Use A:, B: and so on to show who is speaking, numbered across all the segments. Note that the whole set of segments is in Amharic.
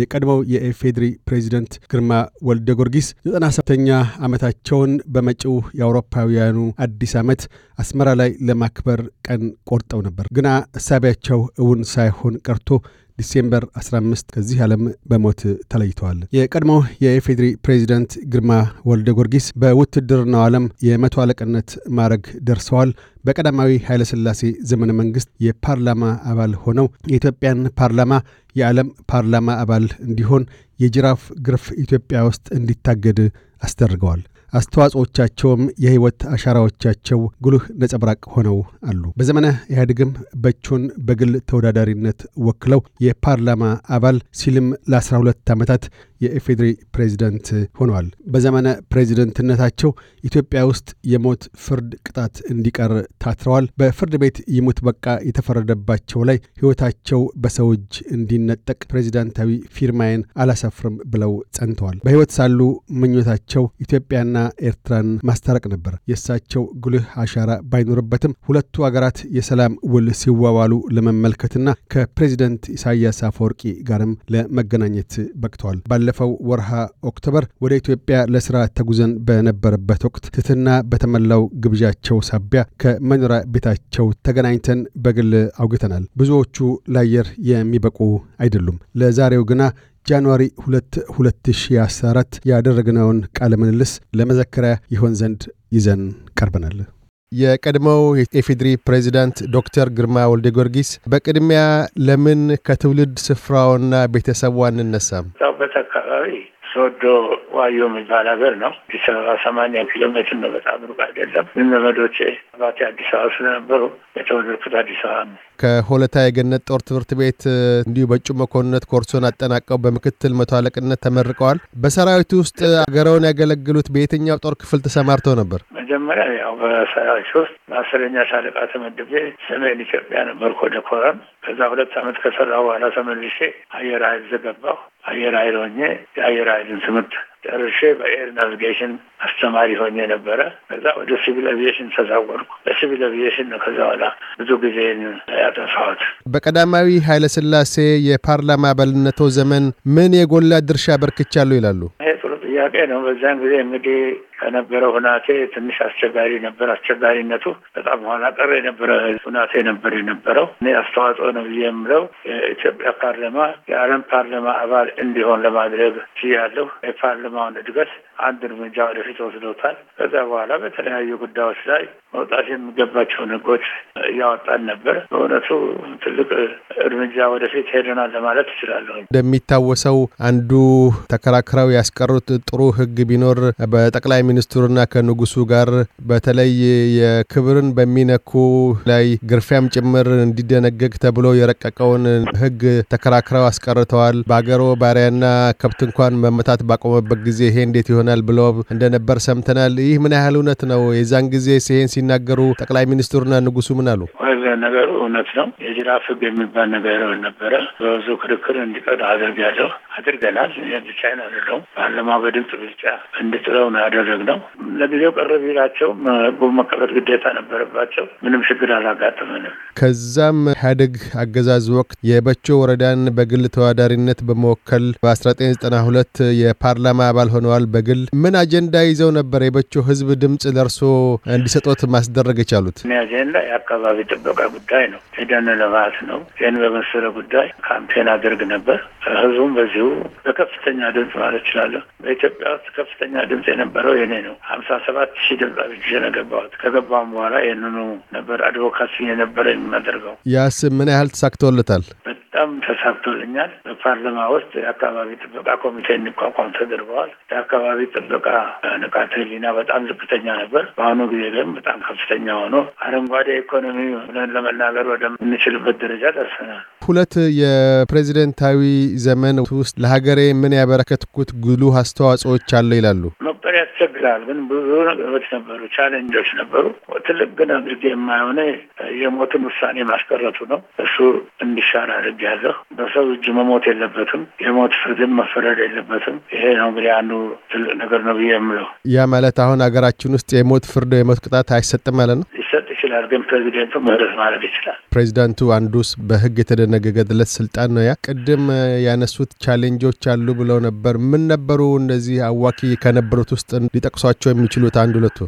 A: የቀድሞው የኤፌድሪ ፕሬዚደንት ግርማ ወልደ ጊዮርጊስ ዘጠና ሰባተኛ ዓመታቸውን በመጪው የአውሮፓውያኑ አዲስ ዓመት አስመራ ላይ ለማክበር ቀን ቆርጠው ነበር። ግና እሳቢያቸው እውን ሳይሆን ቀርቶ ዲሴምበር 15 ከዚህ ዓለም በሞት ተለይተዋል። የቀድሞው የኢፌዴሪ ፕሬዚደንት ግርማ ወልደ ጊዮርጊስ በውትድርናው ዓለም የመቶ አለቅነት ማዕረግ ደርሰዋል። በቀዳማዊ ኃይለሥላሴ ዘመነ መንግሥት የፓርላማ አባል ሆነው የኢትዮጵያን ፓርላማ የዓለም ፓርላማ አባል እንዲሆን የጅራፍ ግርፍ ኢትዮጵያ ውስጥ እንዲታገድ አስደርገዋል። አስተዋጽኦቻቸውም የህይወት አሻራዎቻቸው ጉልህ ነጸብራቅ ሆነው አሉ። በዘመነ ኢህአዴግም በቾን በግል ተወዳዳሪነት ወክለው የፓርላማ አባል ሲልም ለ12 ዓመታት የኢፌዴሪ ፕሬዚደንት ሆነዋል። በዘመነ ፕሬዚደንትነታቸው ኢትዮጵያ ውስጥ የሞት ፍርድ ቅጣት እንዲቀር ታትረዋል። በፍርድ ቤት ይሙት በቃ የተፈረደባቸው ላይ ሕይወታቸው በሰው እጅ እንዲነጠቅ ፕሬዚዳንታዊ ፊርማዬን አላሰፍርም ብለው ጸንተዋል። በህይወት ሳሉ ምኞታቸው ኢትዮጵያና ኤርትራን ማስታረቅ ነበር። የእሳቸው ጉልህ አሻራ ባይኖርበትም ሁለቱ አገራት የሰላም ውል ሲዋዋሉ ለመመልከትና ከፕሬዚደንት ኢሳያስ አፈወርቂ ጋርም ለመገናኘት በቅተዋል። ባለፈው ወርሃ ኦክቶበር ወደ ኢትዮጵያ ለስራ ተጉዘን በነበረበት ወቅት ትትና በተሞላው ግብዣቸው ሳቢያ ከመኖሪያ ቤታቸው ተገናኝተን በግል አውግተናል። ብዙዎቹ ለአየር የሚበቁ አይደሉም። ለዛሬው ግና ጃንዋሪ 2 2014 ያደረግነውን ቃለ ምልልስ ለመዘከሪያ ይሆን ዘንድ ይዘን ቀርበናል። የቀድሞው የኢፌዴሪ ፕሬዚዳንት ዶክተር ግርማ ወልደ ጊዮርጊስ፣ በቅድሚያ ለምን ከትውልድ ስፍራውና ቤተሰቡ አንነሳም?
B: በተካ ሶዶ ዋዮ የሚባል ሀገር ነው። አዲስ አበባ ሰማንያ ኪሎ ሜትር ነው። በጣም ሩቅ አይደለም። ግን ዘመዶቼ አባቴ አዲስ አበባ ስለነበሩ የተወለድኩት አዲስ አበባ ነው።
A: ከሆለታ የገነት ጦር ትምህርት ቤት እንዲሁ በእጩ መኮንነት ኮርሶን አጠናቀው በምክትል መቶ አለቅነት ተመርቀዋል። በሰራዊቱ ውስጥ አገረውን ያገለግሉት በየትኛው ጦር ክፍል ተሰማርተው ነበር?
B: መጀመሪያ ያው በሰራዊት ውስጥ በአስረኛ ሻለቃ ተመድቤ ሰሜን ኢትዮጵያ ነበር ወደ ኮረም። ከዛ ሁለት ዓመት ከሰራሁ በኋላ ተመልሼ አየር ኃይል ዘገባሁ። አየር ኃይል ሆኜ የአየር ኃይልን ትምህርት ጨርሼ በኤር ናቪጌሽን አስተማሪ ሆኜ ነበረ። ከዛ ወደ ሲቪል አቪዬሽን ተዛወርኩ። በሲቪል አቪዬሽን ነው ከዛ በኋላ ብዙ ጊዜን ያጠፋሁት።
A: በቀዳማዊ ስላሴ የፓርላማ አባልነቶ ዘመን ምን የጎላ ድርሻ በርክቻለሁ ይላሉ?
B: ይሄ ጥሩ ጥያቄ ነው። በዛን ጊዜ እንግዲህ ከነበረው ሁናቴ ትንሽ አስቸጋሪ ነበር። አስቸጋሪነቱ በጣም ኋላ ቀር የነበረ ሁናቴ ነበር የነበረው። እኔ አስተዋጽኦ ነው ብዬ የምለው የኢትዮጵያ ፓርላማ የዓለም ፓርላማ አባል እንዲሆን ለማድረግ ችያለሁ። የፓርላማውን እድገት አንድ እርምጃ ወደፊት ወስዶታል። ከዛ በኋላ በተለያዩ ጉዳዮች ላይ መውጣት የሚገባቸውን ህጎች እያወጣን ነበር። በእውነቱ ትልቅ እርምጃ ወደፊት ሄደናል ለማለት እችላለሁ።
A: እንደሚታወሰው አንዱ ተከራክረው ያስቀሩት ጥሩ ህግ ቢኖር በጠቅላይ ሚኒስትሩና ከንጉሱ ጋር በተለይ የክብርን በሚነኩ ላይ ግርፊያም ጭምር እንዲደነገግ ተብሎ የረቀቀውን ህግ ተከራክረው አስቀርተዋል። በአገሮ ባሪያና ከብት እንኳን መመታት ባቆመበት ጊዜ ይሄ እንዴት ይሆናል ብለው እንደነበር ሰምተናል። ይህ ምን ያህል እውነት ነው? የዛን ጊዜ ይሄን ሲናገሩ ጠቅላይ ሚኒስትሩና ንጉሱ ምን አሉ?
B: ነገሩ እውነት ነው። የጅራፍ ህግ የሚባል ነገር ነበረ። በብዙ ክርክር እንዲቀር አድርግ ያለው አድርገናል። ብቻዬን አይደለሁም። ፓርላማ በድምፅ ብልጫ እንድጥለው ነው ያደረገ ማድረግ ነው። ለጊዜው ቅር ቢላቸውም መቀበል ግዴታ ነበረባቸው። ምንም ችግር አላጋጠመንም።
A: ከዛም ኢህአዴግ አገዛዝ ወቅት የበቾ ወረዳን በግል ተወዳዳሪነት በመወከል በ1992 የፓርላማ አባል ሆነዋል። በግል ምን አጀንዳ ይዘው ነበር የበቾ ህዝብ ድምፅ ለእርሶ እንዲሰጦት ማስደረግ የቻሉት?
B: እኔ አጀንዳ የአካባቢ ጥበቃ ጉዳይ ነው፣ የደን ልማት ነው። ይህን በመሰለ ጉዳይ ካምፔን አድርግ ነበር። ህዝቡም በዚሁ በከፍተኛ ድምፅ ማለት እችላለሁ በኢትዮጵያ ውስጥ ከፍተኛ ድምፅ የነበረው የኔ ነው። ሀምሳ ሰባት ሺህ ዶላር ይዤ ነው ገባሁት። ከገባም በኋላ ይህንኑ ነበር አድቮካሲ የነበረ የምናደርገው።
A: ያስ ምን ያህል ተሳክቶለታል?
B: በጣም ተሳክቶልኛል። በፓርላማ ውስጥ የአካባቢ ጥበቃ ኮሚቴ እንዲቋቋም ተደርገዋል። የአካባቢ ጥበቃ ንቃተ ህሊና በጣም ዝቅተኛ ነበር። በአሁኑ ጊዜ ግን በጣም ከፍተኛ ሆኖ አረንጓዴ ኢኮኖሚ ብለን ለመናገር ወደምንችልበት ደረጃ ደርሰናል።
A: ሁለት የፕሬዚደንታዊ ዘመን ውስጥ ለሀገሬ ምን ያበረከትኩት ጉልህ አስተዋጽኦዎች አለ ይላሉ።
B: መቁጠር ያስቸግራል፣ ግን ብዙ ነገሮች ነበሩ፣ ቻሌንጆች ነበሩ። ትልቅ ግን አድርጌ የማይሆነ የሞትን ውሳኔ ማስቀረቱ ነው። እሱ እንዲሻር ያለሁ። በሰው እጅ መሞት የለበትም፣ የሞት ፍርድን መፈረድ የለበትም። ይሄ ነው እንግዲህ አንዱ ትልቅ ነገር ነው ብዬ የምለው።
A: ያ ማለት አሁን ሀገራችን ውስጥ የሞት ፍርድ የሞት ቅጣት አይሰጥም ማለት ነው።
B: ይችላል፣ ግን ፕሬዚደንቱ ምህረት ማለት ይችላል።
A: ፕሬዚዳንቱ አንዱስ በህግ የተደነገገለት ስልጣን ነው። ያ ቅድም ያነሱት ቻሌንጆች አሉ ብለው ነበር። ምን ነበሩ? እነዚህ አዋኪ ከነበሩት ውስጥ ሊጠቅሷቸው የሚችሉት አንድ ሁለቱ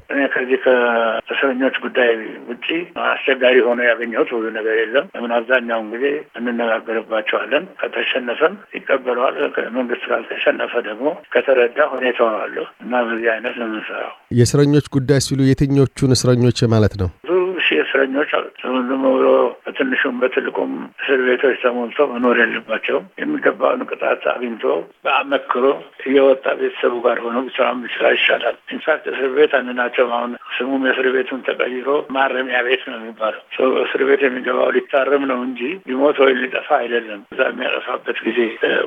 B: ከዚህ ከእስረኞች ጉዳይ ውጪ አስቸጋሪ ሆኖ ያገኘሁት ብዙ ነገር የለም። ለምን አብዛኛውን ጊዜ እንነጋገርባቸዋለን። ከተሸነፈም ይቀበለዋል። መንግስት ካልተሸነፈ ደግሞ ከተረዳ ሁኔታው አለ እና በዚህ አይነት ነው የምንሰራው።
A: የእስረኞች ጉዳይ ሲሉ የትኞቹን እስረኞች ማለት ነው?
B: ሺህ እስረኞች አሉት። ብሎ በትንሹም በትልቁም እስር ቤቶች ተሞልቶ መኖር የለባቸውም። የሚገባውን ቅጣት አግኝቶ በአመክሮ እየወጣ ቤተሰቡ ጋር ሆኖ ብቻውን ቢሰራ ይሻላል። ኢንፋክት እስር ቤት አንድ ናቸው። አሁን ስሙም የእስር ቤቱን ተቀይሮ ማረሚያ ቤት ነው የሚባለው። ሰው እስር ቤት የሚገባው ሊታረም ነው እንጂ ሊሞት ወይም ሊጠፋ አይደለም። እዛ የሚያጠፋበት ጊዜ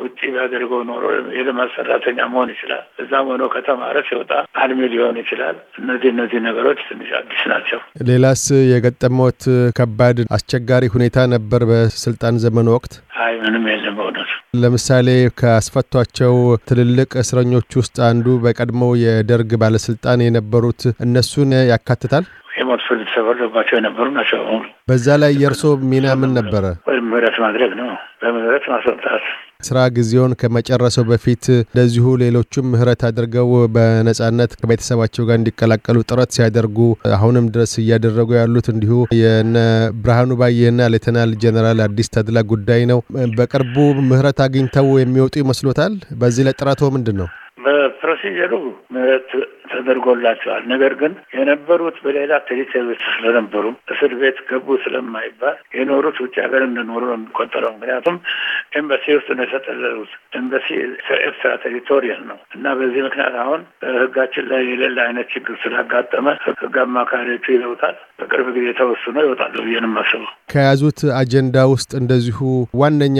B: ውጭ ቢያደርገው ኖሮ የልማት ሰራተኛ መሆን ይችላል። እዛም ሆኖ ከተማረ ሲወጣ አልሚ ሊሆን ይችላል። እነዚህ እነዚህ ነገሮች ትንሽ አዲስ ናቸው።
A: ሌላስ የገጠመዎት ከባድ አስቸጋሪ ሁኔታ ነበር በስልጣን ዘመን ወቅት? አይ ምንም የለም በእውነቱ። ለምሳሌ ካስፈቷቸው ትልልቅ እስረኞች ውስጥ አንዱ በቀድሞው የደርግ ባለስልጣን የነበሩት እነሱን ያካትታል?
B: የሞት ፍርድ ተፈርዶባቸው የነበሩ ናቸው።
A: በዛ ላይ የእርሶ ሚና ምን ነበረ?
B: ምህረት ማድረግ ነው፣ በምህረት ማስወጣት
A: ስራ ጊዜውን ከመጨረሰው በፊት እንደዚሁ ሌሎቹም ምህረት አድርገው በነጻነት ከቤተሰባቸው ጋር እንዲቀላቀሉ ጥረት ሲያደርጉ አሁንም ድረስ እያደረጉ ያሉት እንዲሁ የነ ብርሃኑ ባየና ሌተናል ጀነራል አዲስ ተድላ ጉዳይ ነው። በቅርቡ ምህረት አግኝተው የሚወጡ ይመስሎታል? በዚህ ላይ ጥረቶ ምንድን ነው?
B: በፕሮሲጀሩ ምህረት ተደርጎላቸዋል። ነገር ግን የነበሩት በሌላ ቴሪቶሪ ስለነበሩ እስር ቤት ገቡ ስለማይባል የኖሩት ውጭ ሀገር እንደኖሩ ነው የሚቆጠረው። ምክንያቱም ኤምባሲ ውስጥ ነው የተጠለሉት። ኤምባሲ ኤክስትራ ቴሪቶሪያል ነው እና በዚህ ምክንያት አሁን ህጋችን ላይ የሌለ አይነት ችግር ስላጋጠመ ህግ አማካሪዎቹ ይለውታል። በቅርብ ጊዜ ተወስኖ ይወጣሉ ብዬ ነው የማስበው።
A: ከያዙት አጀንዳ ውስጥ እንደዚሁ ዋነኛ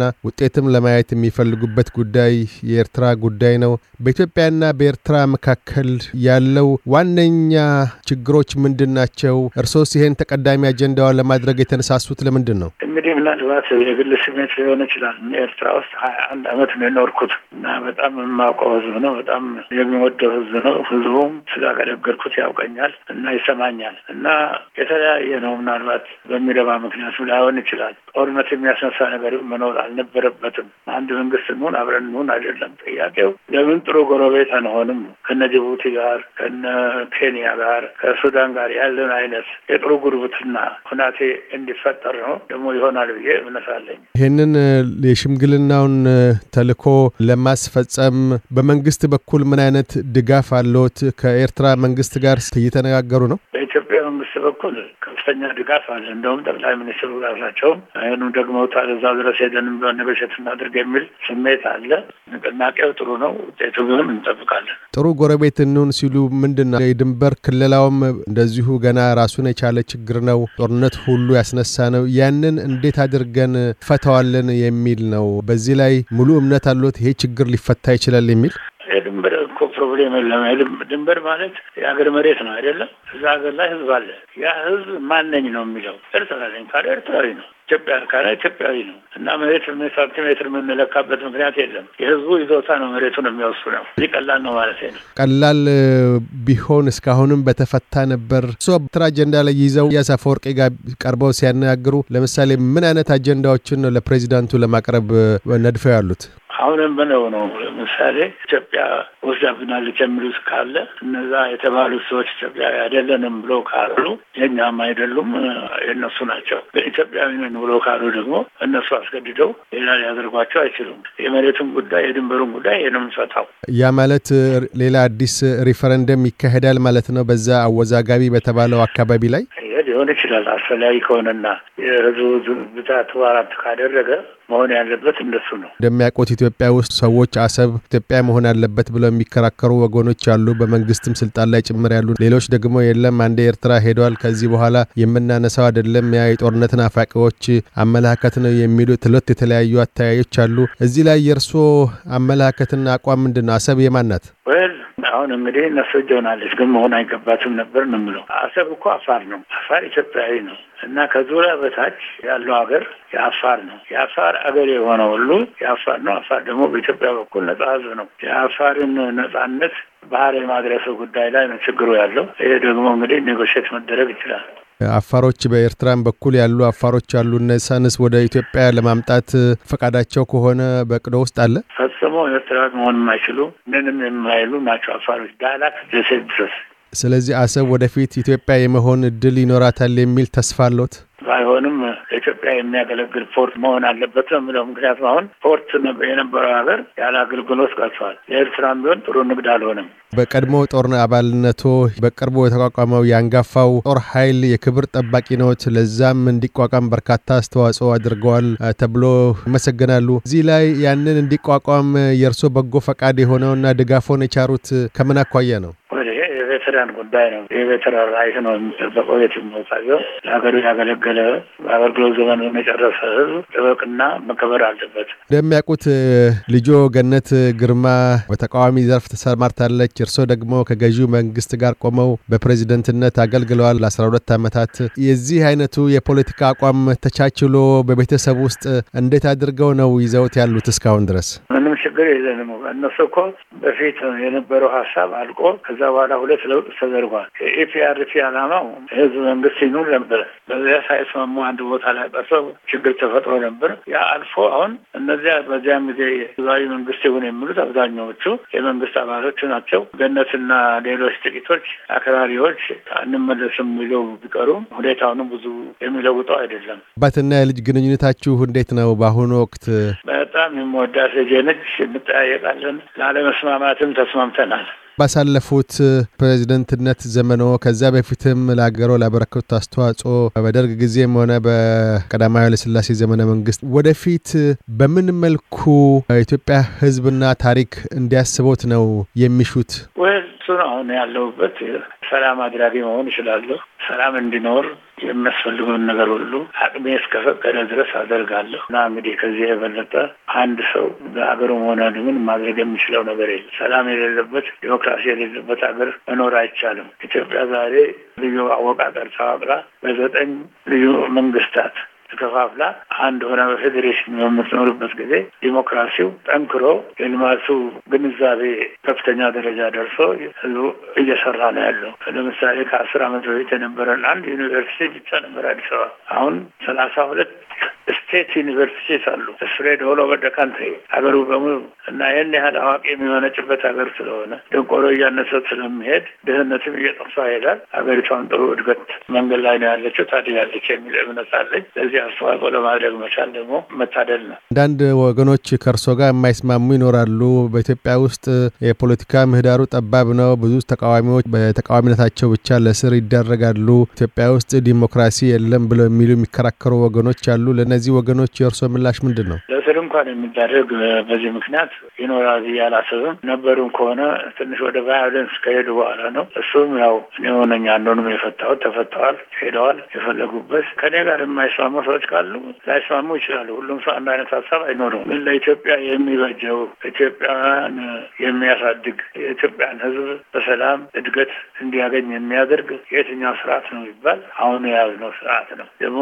A: ና ውጤትም ለማየት የሚፈልጉበት ጉዳይ የኤርትራ ጉዳይ ነው። በኢትዮጵያና በኤርትራ መካከል መካከል ያለው ዋነኛ ችግሮች ምንድን ናቸው? እርሶስ ይህን ተቀዳሚ አጀንዳዋን ለማድረግ የተነሳሱት ለምንድን ነው?
B: እንግዲህ ምናልባት የግል ስሜት ሊሆን ይችላል። ኤርትራ ውስጥ ሀያ አንድ አመት ነው የኖርኩት እና በጣም የማውቀው ህዝብ ነው። በጣም የሚወደው ህዝብ ነው። ህዝቡም ስላገለገልኩት ያውቀኛል እና ይሰማኛል እና የተለያየ ነው። ምናልባት በሚረባ ምክንያቱ ላይሆን ይችላል። ጦርነት የሚያስነሳ ነገር መኖር አልነበረበትም። አንድ መንግስት እንሁን አብረን ሆን አይደለም ጥያቄው ለምን ጥሩ ጎረቤት አንሆንም? ከነ ጅቡቲ ጋር ከነ ኬንያ ጋር ከሱዳን ጋር ያለን አይነት የጥሩ ጉርብትና ሁናቴ እንዲፈጠር ነው ደግሞ ይሆናል ብዬ እምነት አለኝ።
A: ይህንን የሽምግልናውን ተልእኮ ለማስፈጸም በመንግስት በኩል ምን አይነት ድጋፍ አለዎት? ከኤርትራ መንግስት ጋር እየተነጋገሩ ነው?
B: የኢትዮጵያ መንግስት በኩል ከፍተኛ ድጋፍ አለ። እንደውም ጠቅላይ ሚኒስትሩ ራሳቸው ይህኑ ደግሞ ታለዛ ድረስ ሄደን በነገሸት እናድርግ የሚል ስሜት አለ። ንቅናቄው ጥሩ ነው። ውጤቱ ግንም እንጠብቃለን።
A: ጥሩ ጎረቤት እንሁን ሲሉ ምንድን ነው የድንበር ክልላውም እንደዚሁ ገና ራሱን የቻለ ችግር ነው። ጦርነት ሁሉ ያስነሳ ነው። ያንን እንዴት አድርገን ፈተዋለን የሚል ነው። በዚህ ላይ ሙሉ እምነት አሎት? ይሄ ችግር ሊፈታ ይችላል የሚል
B: የድንበር ፕሮብሌም የለም። ድንበር ማለት የሀገር መሬት ነው አይደለም? እዛ ሀገር ላይ ህዝብ አለ። ያ ህዝብ ማነኝ ነው የሚለው። ኤርትራ ነኝ ካለ ኤርትራዊ ነው፣ ኢትዮጵያ ካለ ኢትዮጵያዊ ነው። እና መሬት ሳንቲሜትር የምንለካበት ምክንያት የለም። የህዝቡ ይዞታ ነው መሬቱን የሚወሱ ነው። እዚህ ቀላል ነው ማለት ነው።
A: ቀላል ቢሆን እስካሁንም በተፈታ ነበር። እሱ ኤርትራ አጀንዳ ላይ ይዘው ኢሳያስ አፈወርቂ ጋር ቀርበው ሲያነጋግሩ፣ ለምሳሌ ምን አይነት አጀንዳዎችን ነው ለፕሬዚዳንቱ ለማቅረብ ነድፈው ያሉት?
B: አሁንም በነው ነው። ለምሳሌ ኢትዮጵያ ወስዳብናለች የሚሉት ካለ እነዛ የተባሉት ሰዎች ኢትዮጵያ አይደለንም ብሎ ካሉ የኛም አይደሉም የእነሱ ናቸው። ግን ኢትዮጵያዊ ነን ብሎ ካሉ ደግሞ እነሱ አስገድደው ሌላ ሊያደርጓቸው አይችሉም። የመሬቱን ጉዳይ፣ የድንበሩን ጉዳይ ነው የምንፈታው።
A: ያ ማለት ሌላ አዲስ ሪፈረንደም ይካሄዳል ማለት ነው በዛ አወዛጋቢ በተባለው አካባቢ ላይ
B: ሊሆን ይችላል። አስፈላጊ ከሆነና የህዝቡ ብዛቱ አራት ካደረገ መሆን ያለበት እንደሱ ነው።
A: እንደሚያውቁት ኢትዮጵያ ውስጥ ሰዎች አሰብ ኢትዮጵያ መሆን አለበት ብለው የሚከራከሩ ወገኖች አሉ፣ በመንግስትም ስልጣን ላይ ጭምር ያሉ። ሌሎች ደግሞ የለም አንዴ ኤርትራ ሄዷል፣ ከዚህ በኋላ የምናነሳው አይደለም፣ ያ የጦርነትን አፋቂዎች አመለካከት ነው የሚሉ ትሎት የተለያዩ አተያዮች አሉ። እዚህ ላይ የእርስዎ አመለካከትና አቋም ምንድን ነው? አሰብ የማን ናት?
B: አሁን እንግዲህ እነሱ እጅ ሆናለች፣ ግን መሆን አይገባትም ነበር ነው የምለው። አሰብ እኮ አፋር ነው። አፋር ኢትዮጵያዊ ነው እና ከዙሪያ በታች ያለው ሀገር የአፋር ነው። የአፋር አገር የሆነ ሁሉ የአፋር ነው። አፋር ደግሞ በኢትዮጵያ በኩል ነጻ ነው። የአፋርን ነጻነት ባህር የማድረሱ ጉዳይ ላይ ነው ችግሩ ያለው። ይሄ ደግሞ እንግዲህ ኔጎሽት መደረግ ይችላል።
A: አፋሮች በኤርትራን በኩል ያሉ አፋሮች አሉ። እነሳንስ ወደ ኢትዮጵያ ለማምጣት ፈቃዳቸው ከሆነ በቅዶ ውስጥ አለ
B: ፈጽሞ ኤርትራ መሆን የማይችሉ ምንም የማይሉ ናቸው አፋሮች ዳላት ደሴት ድረስ
A: ስለዚህ አሰብ ወደፊት ኢትዮጵያ የመሆን እድል ይኖራታል የሚል ተስፋ አለት
B: ባይሆንም ለኢትዮጵያ የሚያገለግል ፖርት መሆን አለበት ነው የሚለው። ምክንያቱም አሁን ፖርት የነበረው ሀገር ያለ አገልግሎት ቀርቷል። የኤርትራም ቢሆን ጥሩ ንግድ አልሆነም።
A: በቀድሞ ጦር አባልነቶ በቅርቡ የተቋቋመው የአንጋፋው ጦር ኃይል የክብር ጠባቂ ነዎት። ለዛም እንዲቋቋም በርካታ አስተዋጽኦ አድርገዋል ተብሎ ይመሰገናሉ። እዚህ ላይ ያንን እንዲቋቋም የእርሶ በጎ ፈቃድ የሆነውና ድጋፎን የቻሩት ከምን አኳያ ነው?
B: የቬተራን ጉዳይ ነው። የቬተራን ራይት ነው የሚጠበቀው። የትም ቦታ ቢሆን ለሀገሩ ያገለገለ በአገልግሎት ዘመን የመጨረሰ ህዝብ ጥበቅና መከበር አለበት።
A: እንደሚያውቁት ልጆ ገነት ግርማ በተቃዋሚ ዘርፍ ተሰማርታለች። እርስዎ ደግሞ ከገዢው መንግስት ጋር ቆመው በፕሬዚደንትነት አገልግለዋል ለአስራ ሁለት ዓመታት። የዚህ አይነቱ የፖለቲካ አቋም ተቻችሎ በቤተሰብ ውስጥ እንዴት አድርገው ነው ይዘውት ያሉት እስካሁን ድረስ?
B: ምንም ችግር የለንም። እነሱ እኮ በፊት የነበረው ሀሳብ አልቆ ከዛ በኋላ ሁለት ለውጥ ተደርጓል። የኢፒአርፒ ዓላማው ህዝብ መንግስት ይኑር ነበር። በዚያ ሳይስማሙ አንድ ቦታ ላይ ቀርተው ችግር ተፈጥሮ ነበር። ያ አልፎ አሁን እነዚያ በዚያም ጊዜ ህዝባዊ መንግስት ይሁን የሚሉት አብዛኛዎቹ የመንግስት አባሎች ናቸው። ገነትና ሌሎች ጥቂቶች አክራሪዎች አንመለስም ይዘው ቢቀሩም ሁኔታውን ብዙ የሚለውጠው አይደለም።
A: አባትና የልጅ ግንኙነታችሁ እንዴት ነው በአሁኑ ወቅት?
B: በጣም የምወዳት ልጄ ነች። እንጠያየቃለን። ላለመስማማትም ተስማምተናል።
A: ባሳለፉት ፕሬዚደንትነት ዘመኖ ከዛ በፊትም ለሀገሮ ላበረከቱት አስተዋጽኦ በደርግ ጊዜም ሆነ በቀዳማዊ ኃይለሥላሴ ዘመነ መንግስት ወደፊት በምን መልኩ ኢትዮጵያ ህዝብና ታሪክ እንዲያስቦት ነው የሚሹት?
B: እሱ አሁን ያለሁበት። ሰላም አድራጊ መሆን እችላለሁ። ሰላም እንዲኖር የሚያስፈልገውን ነገር ሁሉ አቅሜ እስከፈቀደ ድረስ አደርጋለሁ እና እንግዲህ ከዚህ የበለጠ አንድ ሰው በሀገሩ መሆነ ምን ማድረግ የሚችለው ነገር የለም። ሰላም የሌለበት ዲሞክራሲ የሌለበት ሀገር መኖር አይቻልም። ኢትዮጵያ ዛሬ ልዩ አወቃቀር ተዋቅራ በዘጠኝ ልዩ መንግስታት ተከፋፍላ አንድ ሆነ በፌዴሬሽን በምትኖርበት ጊዜ ዲሞክራሲው ጠንክሮ የልማቱ ግንዛቤ ከፍተኛ ደረጃ ደርሶ ህዝቡ እየሰራ ነው ያለው። ለምሳሌ ከአስር ዓመት በፊት የነበረን አንድ ዩኒቨርሲቲ ብቻ ነበር አዲስ አበባ። አሁን ሰላሳ ሁለት ስቴት ዩኒቨርሲቲስ አሉ ስፕሬድ ኦል በደካንት ሀገሩ በሙሉ እና ይህን ያህል አዋቂ የሚመነጭበት ሀገር ስለሆነ ድንቆሮ እያነሰ ስለሚሄድ ድህነትም እየጠፋ ይሄዳል። ሀገሪቷን ጥሩ እድገት መንገድ ላይ ነው ያለችው ታድጋለች የሚል እምነት አለኝ። ለዚህ አስተዋጽኦ ለማድረግ መቻል ደግሞ መታደል ነው።
A: አንዳንድ ወገኖች ከእርሶ ጋር የማይስማሙ ይኖራሉ። በኢትዮጵያ ውስጥ የፖለቲካ ምህዳሩ ጠባብ ነው። ብዙ ተቃዋሚዎች በተቃዋሚነታቸው ብቻ ለስር ይዳረጋሉ። ኢትዮጵያ ውስጥ ዲሞክራሲ የለም ብለው የሚሉ የሚከራከሩ ወገኖች አሉ። ለነ ለእነዚህ ወገኖች የእርስዎ ምላሽ ምንድን ነው?
B: ለእስር እንኳን የሚዳረግ በዚህ ምክንያት ይኖራል ብዬ አላስብም። ነበሩም ከሆነ ትንሽ ወደ ቫዮለንስ ከሄዱ በኋላ ነው። እሱም ያው እኔ ሆነኛ የፈታሁት ተፈተዋል፣ ሄደዋል። የፈለጉበት ከኔ ጋር የማይስማሙ ሰዎች ካሉ ላይስማሙ ይችላሉ። ሁሉም ሰው አንድ አይነት ሀሳብ አይኖረውም። ግን ለኢትዮጵያ የሚበጀው ኢትዮጵያን የሚያሳድግ የኢትዮጵያን ሕዝብ በሰላም እድገት እንዲያገኝ የሚያደርግ የትኛው ስርዓት ነው ይባል አሁን የያዝነው ስርዓት ነው። ደግሞ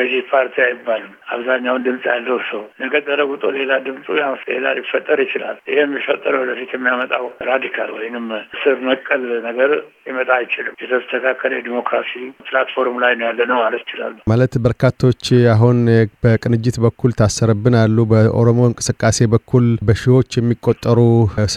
B: ገዢ ፓርቲ አይባል አይባልም። አብዛኛውን ድምፅ ያለው ሰው ነገ ተለውጦ ሌላ ድምፁ ሌላ ሊፈጠር ይችላል። ይህ የሚፈጠረው ወደፊት የሚያመጣው ራዲካል ወይንም ስር ነቀል ነገር ሊመጣ አይችልም። የተስተካከለ ዲሞክራሲ ፕላትፎርም ላይ ነው ያለነው ማለት ይችላሉ።
A: ማለት በርካቶች አሁን በቅንጅት በኩል ታሰርብን አሉ፣ በኦሮሞ እንቅስቃሴ በኩል በሺዎች የሚቆጠሩ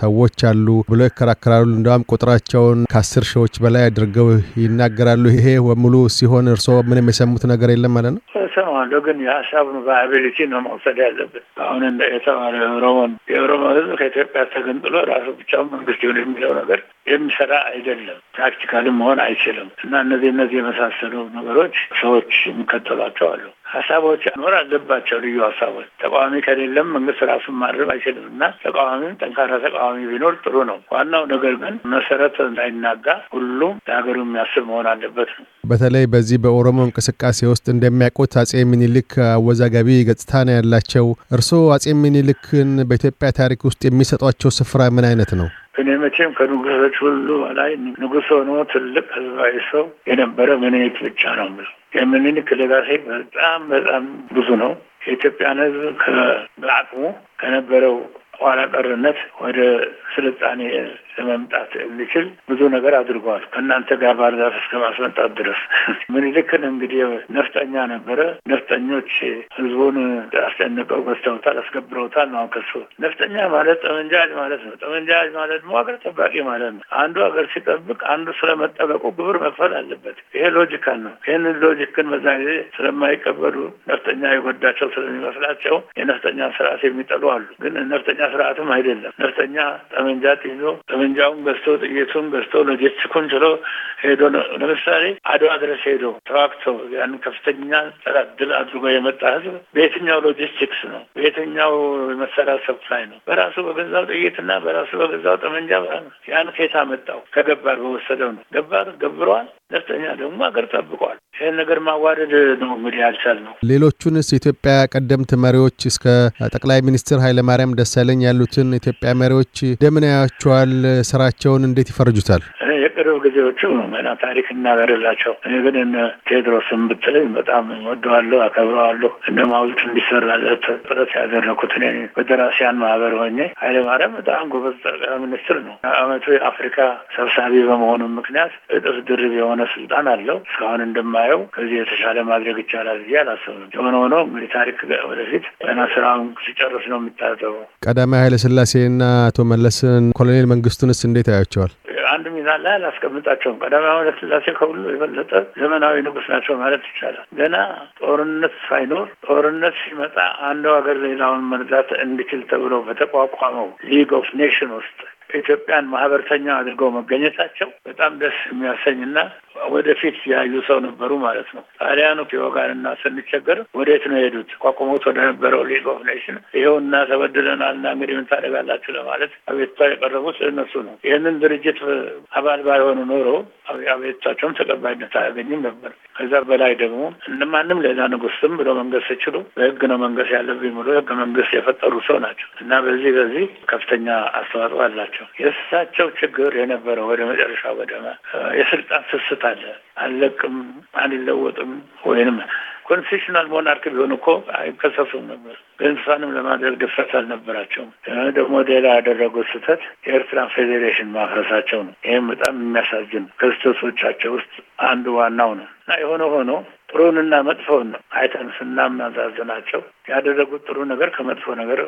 A: ሰዎች አሉ ብሎ ይከራከራሉ። እንደውም ቁጥራቸውን ከአስር ሺዎች በላይ አድርገው ይናገራሉ። ይሄ በሙሉ ሲሆን እርስዎ ምንም የሰሙት ነገር የለም
B: ማለት ነው? እሰማለሁ ግን የሀሳቡን በአቢሊቲ ነው መውሰድ ያለበት። አሁን እንደ የተባለው የኦሮሞን የኦሮሞ ህዝብ ከኢትዮጵያ ተገንጥሎ ራሱ ብቻውን መንግስት ይሁን የሚለው ነገር የሚሰራ አይደለም፣ ፕራክቲካልም መሆን አይችልም። እና እነዚህ እነዚህ የመሳሰሉ ነገሮች ሰዎች የሚከተሏቸው አሉ። ሀሳቦች መኖር አለባቸው። ልዩ ሀሳቦች ተቃዋሚ ከሌለም መንግስት ራሱን ማድረግ አይችልም እና ተቃዋሚ ጠንካራ ተቃዋሚ ቢኖር ጥሩ ነው። ዋናው ነገር ግን መሰረት እንዳይናጋ ሁሉም ለሀገሩ የሚያስብ መሆን አለበት ነው።
A: በተለይ በዚህ በኦሮሞ እንቅስቃሴ ውስጥ እንደሚያውቁት አጼ ሚኒልክ አወዛጋቢ ገጽታ ነው ያላቸው። እርስዎ አጼ ሚኒልክን በኢትዮጵያ ታሪክ ውስጥ የሚሰጧቸው ስፍራ ምን አይነት ነው?
B: እኔ መቼም ከንጉሶች ሁሉ በላይ ንጉሥ ሆኖ ትልቅ ህዝባዊ ሰው የነበረ ምኒልክ ብቻ ነው የምለው። የምኒልክ ለጋሴ በጣም በጣም ብዙ ነው። የኢትዮጵያን ህዝብ በአቅሙ ከነበረው ኋላ ቀርነት ወደ ስልጣኔ ለመምጣት የሚችል ብዙ ነገር አድርገዋል። ከእናንተ ጋር ባህር ዛፍ እስከ ማስመጣት ድረስ ምኒልክን እንግዲህ ነፍጠኛ ነበረ። ነፍጠኞች ህዝቡን አስጨንቀው ገዝተውታል፣ አስገብረውታል ነው። ከሱ ነፍጠኛ ማለት ጠመንጃጅ ማለት ነው። ጠመንጃጅ ማለት ደግሞ ሀገር ጠባቂ ማለት ነው። አንዱ ሀገር ሲጠብቅ አንዱ ስለመጠበቁ ግብር መክፈል አለበት። ይሄ ሎጂካል ነው። ይህንን ግን በዛ ጊዜ ስለማይቀበሉ ነፍጠኛ የጎዳቸው ስለሚመስላቸው የነፍጠኛ ስርዓት የሚጠሉ አሉ። ግን ነፍጠኛ ስርዓትም አይደለም። ነፍጠኛ ጠመንጃ ይዞ ጠመንጃውን ገዝቶ ጥይቱን ገዝቶ ሎጂስቲኩን ችሎ ሄዶ ነው ለምሳሌ አድዋ ድረስ ሄዶ ተዋግቶ ያን ከፍተኛ ጠላት ድል አድርጎ የመጣ ህዝብ በየትኛው ሎጂስቲክስ ነው? በየትኛው መሰራት ሰፕላይ ነው? በራሱ በገዛው ጥይትና በራሱ በገዛው ጠመንጃ ያን ኬታ መጣው ከገባር በወሰደው ነው። ገባር ገብሯል። ሁለተኛ ደግሞ ሀገር ጠብቋል። ይህን ነገር ማዋደድ ነው እንግዲህ ነው።
A: ሌሎቹንስ ኢትዮጵያ ቀደምት መሪዎች እስከ ጠቅላይ ሚኒስትር ኃይለማርያም ደሳለኝ ያሉትን ኢትዮጵያ መሪዎች እንደምን ያያቸዋል? ስራቸውን እንዴት ይፈርጁታል?
B: የቅርብ ጊዜዎችም ገና ታሪክ እናገርላቸው። እኔ ግን እነ ቴድሮስን ብትለኝ በጣም ወደዋለሁ፣ አከብረዋለሁ። እነ ማውልት እንዲሰራለት ጥረት ያደረኩት እኔ በደራሲያን ማህበር ሆኜ ማርያም በጣም ጎበዝ ጠቅላይ ሚኒስትር ነው። አመቱ የአፍሪካ ሰብሳቢ በመሆኑ ምክንያት እጥፍ ድርብ የሆነ ስልጣን አለው። እስካሁን እንደማየው ከዚህ የተሻለ ማድረግ ይቻላል ብዬ አላሰብም። የሆነ ሆኖ እንግዲህ ታሪክ ወደፊት ገና ስራውን ሲጨርስ ነው የሚታዘበው።
A: ቀዳማዊ ኃይለስላሴና አቶ መለስን ኮሎኔል መንግስቱንስ እንዴት አያቸዋል?
B: አንድ ሚዛ ላይ አላስቀምጣቸውም። ቀዳማዊ ኃይለ ሥላሴ ከሁሉ የበለጠ ዘመናዊ ንጉስ ናቸው ማለት ይቻላል። ገና ጦርነት ሳይኖር ጦርነት ሲመጣ አንዱ ሀገር ሌላውን መርዳት እንዲችል ተብሎ በተቋቋመው ሊግ ኦፍ ኔሽን ውስጥ ኢትዮጵያን ማህበርተኛ አድርገው መገኘታቸው በጣም ደስ የሚያሰኝና ወደፊት ያዩ ሰው ነበሩ ማለት ነው። ጣሊያኑ ሲወጋንና ስንቸገር ወዴት ነው የሄዱት? ቋቁሞት ወደነበረው ሊግ ኦፍ ኔሽን ተበድለናል ተበድለናልና እንግዲህ ምን ታደርጋላችሁ ለማለት አቤቱታ የቀረቡት እነሱ ነው። ይህንን ድርጅት አባል ባይሆኑ ኖሮ አቤቱታቸውም ተቀባይነት አያገኝም ነበር። ከዛ በላይ ደግሞ እንማንም ሌላ ንጉስም ብሎ መንገስ ሲችሉ በህግ ነው መንገስ ያለብኝ ብሎ ህገ መንግስት የፈጠሩ ሰው ናቸው እና በዚህ በዚህ ከፍተኛ አስተዋጽኦ አላቸው። ናቸው። የእሳቸው ችግር የነበረው ወደ መጨረሻ ወደ የስልጣን ስስት አለ አልለቅም አልለወጥም ወይንም ኮንስቲቱሽናል ሞናርክ ቢሆን እኮ አይከሰሱም ነበር። ግንሳንም ለማድረግ ድፍረት አልነበራቸውም። ደግሞ ሌላ ያደረጉት ስህተት የኤርትራን ፌዴሬሽን ማፍረሳቸው ነው። ይህም በጣም የሚያሳዝን ክስተቶቻቸው ውስጥ አንዱ ዋናው ነው እና የሆነ ሆኖ ጥሩንና መጥፎውን ነው አይተን ስናመዛዝናቸው ያደረጉት ጥሩ ነገር ከመጥፎ ነገር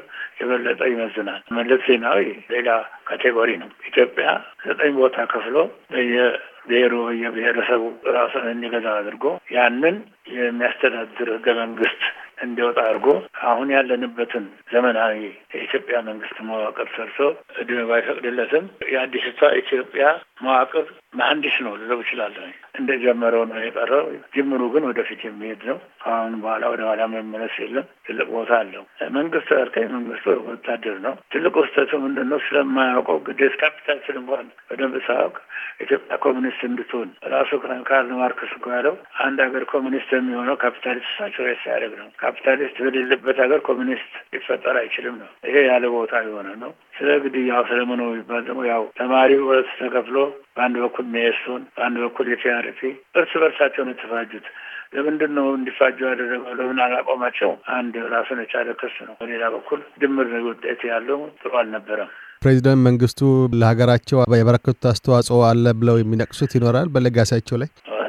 B: የበለጠ ይመዝናል። መለስ ዜናዊ ሌላ ካቴጎሪ ነው። ኢትዮጵያ ዘጠኝ ቦታ ከፍሎ በየብሔሩ በየብሔረሰቡ ራሱን እንዲገዛ አድርጎ ያንን የሚያስተዳድር ህገ መንግስት እንዲወጣ አድርጎ አሁን ያለንበትን ዘመናዊ የኢትዮጵያ መንግስት መዋቅር ሰርቶ እድሜ ባይፈቅድለትም የአዲስቷ ኢትዮጵያ መዋቅር መሀንዲስ ነው ልለው እችላለሁ። እንደጀመረው ነው የቀረው። ጅምሩ ግን ወደፊት የሚሄድ ነው። አሁን በኋላ ወደ ኋላ መመለስ የለም። ትልቅ ቦታ አለው። መንግስት አርካይ መንግስቱ ወታደር ነው። ትልቅ ውስተቱ ምንድን ነው? ስለማያውቀው ግዴስ ካፒታል እንኳን በደንብ ሳያውቅ ኢትዮጵያ ኮሚኒስት እንድትሆን ራሱ ካርል ማርክስ እኮ ያለው አንድ ሀገር ኮሚኒስት የሚሆነው ካፒታሊስት ሳቹሬት ሲያደርግ ነው። ካፒታሊስት በሌለበት ሀገር ኮሚኒስት ሊፈጠር አይችልም ነው። ይሄ ያለ ቦታ የሆነ ነው። ስለ ግድያው ስለ የሚባል ደግሞ ያው ተማሪው እርስ ተከፍሎ በአንድ በኩል ሜሶን በአንድ በኩል የቲያርፊ እርስ በርሳቸው ነው የተፋጁት። ለምንድን ነው እንዲፋጁ ያደረገው? ለምን አላቆማቸው? አንድ ራሱን የቻለ ክስ ነው። በሌላ በኩል ድምር ውጤት ያለው ጥሩ አልነበረም።
A: ፕሬዚደንት መንግስቱ ለሀገራቸው የበረከቱት አስተዋጽኦ አለ ብለው የሚነቅሱት ይኖራል በለጋሳቸው ላይ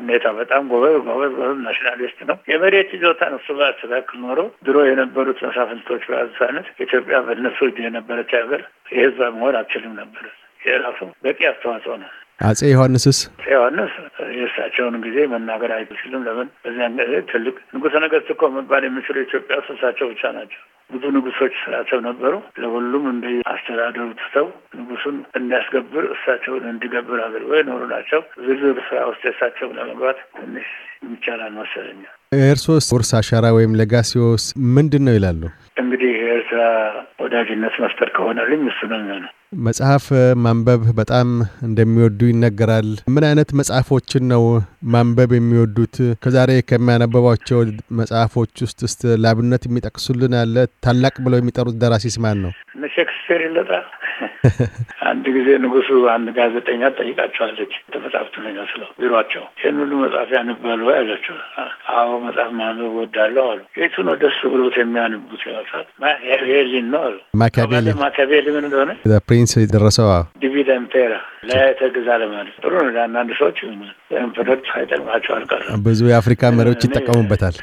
B: ኔታ በጣም ጎበዝ ጎበዝ ጎበዝ ናሽናሊስት ነው። የመሬት ይዞታ ነው እሱ ባስተካክል ኖሮ ድሮ የነበሩት መሳፍንቶች በአብዛነት ኢትዮጵያ በነሱ እጅ የነበረች ሀገር የህዝብ መሆን አትችልም ነበር። የራሱ በቂ አስተዋጽኦ ነው።
A: አጼ ዮሐንስስ
B: ዮሐንስ የእሳቸውን ጊዜ መናገር አይችልም። ለምን በዚያን ጊዜ ትልቅ ንጉሠ ነገሥት እኮ መባል የሚችሉ ኢትዮጵያ ውስጥ እሳቸው ብቻ ናቸው። ብዙ ንጉሶች ስራቸው ነበሩ። ለሁሉም እንደ አስተዳደሩ ትተው ንጉሱን እንዲያስገብር እሳቸውን እንዲገብር አድርጎ የኖሩ ናቸው። ዝርዝር ስራ ውስጥ የእሳቸውን ለመግባት ትንሽ ይቻላል መሰለኛል።
A: እርሶስ ውርስ አሻራ ወይም ለጋሲዎስ ምንድን ነው ይላሉ?
B: እንግዲህ የኤርትራ ወዳጅነት መፍጠር ከሆነልኝ እሱ ነው።
A: መጽሐፍ ማንበብ በጣም እንደሚወዱ ይነገራል። ምን አይነት መጽሐፎችን ነው ማንበብ የሚወዱት? ከዛሬ ከሚያነበቧቸው መጽሐፎች ውስጥ ስ ለአብነት የሚጠቅሱልን አለ? ታላቅ ብለው የሚጠሩት ደራሲስ ማን ነው?
B: ሼክስፒር ይለጣል። አንድ ጊዜ ንጉሱ አንድ ጋዜጠኛ ጠይቃቸዋለች። መጽሐፍቱ ነው ይመስለው ቢሯቸው ይህን ሁሉ መጽሐፍ ያንባሉ አላቸው። አዎ መጽሐፍ ማንበብ ወዳለሁ አሉ። የቱ ነው ደስ ብሎት የሚያንቡት? ማኪያቬሊ ማኪያቬሊ ምን እንደሆነ
A: ፕሪንስ ደረሰው
B: ዲቪድ ኤምፔራ ለያየተ ግዛ ለማለት ጥሩ ነው። ለአንዳንድ ሰዎች ኢምፐረንስ ሳይጠቅማቸው አልቀረ።
A: ብዙ የአፍሪካ መሪዎች ይጠቀሙበታል።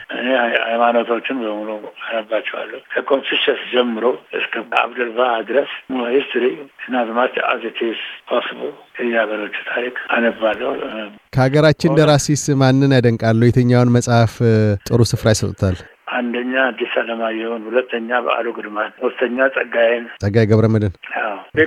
B: ሃይማኖቶችን በሙሉ አነባቸዋለሁ ከኮንፊሽስ ጀምሮ እስከ አብደልባ ድረስ ሂስትሪ ናዝማች አዝቴስ ፖስቦ የሀገሮች ታሪክ አነባለሁ።
A: ከሀገራችን ደራሲስ ማንን ያደንቃሉ? የትኛውን መጽሐፍ ጥሩ ስፍራ ይሰጡታል?
B: አንደኛ አዲስ አለማየሁን፣ ሁለተኛ በዓሉ ግድማ ሶስተኛ ጸጋዬን ጸጋዬ ገብረ መድን።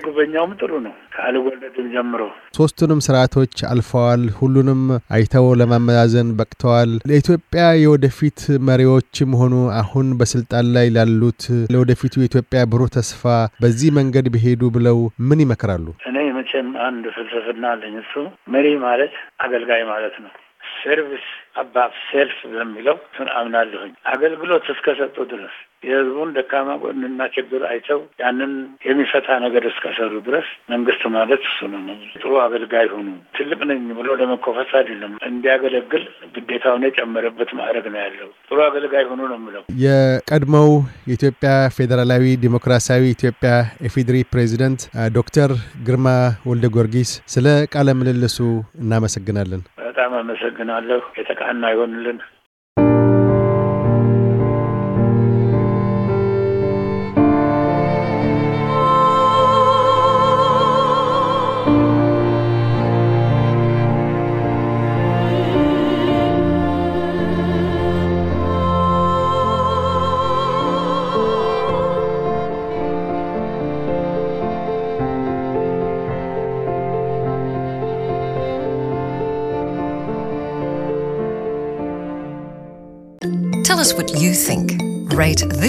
B: ጉበኛውም ጥሩ ነው ከአልወለድም ጀምሮ
A: ሶስቱንም ስርዓቶች አልፈዋል። ሁሉንም አይተው ለማመዛዘን በቅተዋል። ለኢትዮጵያ የወደፊት መሪዎችም ሆኑ አሁን በስልጣን ላይ ላሉት ለወደፊቱ የኢትዮጵያ ብሩህ ተስፋ በዚህ መንገድ ቢሄዱ ብለው ምን ይመክራሉ?
B: እኔ መቼም አንድ ፍልስፍና አለኝ። እሱ መሪ ማለት አገልጋይ ማለት ነው። ሰርቪስ አባብ ሴልፍ በሚለው ትን አምናለሁኝ። አገልግሎት እስከሰጡ ድረስ የህዝቡን ደካማ ጎንና ችግር አይተው ያንን የሚፈታ ነገር እስከሰሩ ድረስ መንግስት ማለት እሱ ነው። ጥሩ አገልጋይ ሆኑ። ትልቅ ነኝ ብሎ ለመኮፈስ አይደለም፣ እንዲያገለግል ግዴታውን የጨመረበት ማዕረግ ነው ያለው። ጥሩ አገልጋይ ሆኑ ነው የምለው።
A: የቀድሞው የኢትዮጵያ ፌዴራላዊ ዲሞክራሲያዊ ኢትዮጵያ ኢፌዴሪ ፕሬዚደንት ዶክተር ግርማ ወልደ ጊዮርጊስ ስለ ቃለ ምልልሱ እናመሰግናለን።
B: በጣም አመሰግናለሁ። የተቃና ይሆንልን።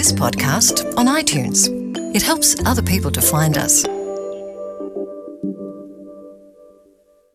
A: this podcast on iTunes. It helps other people to find us.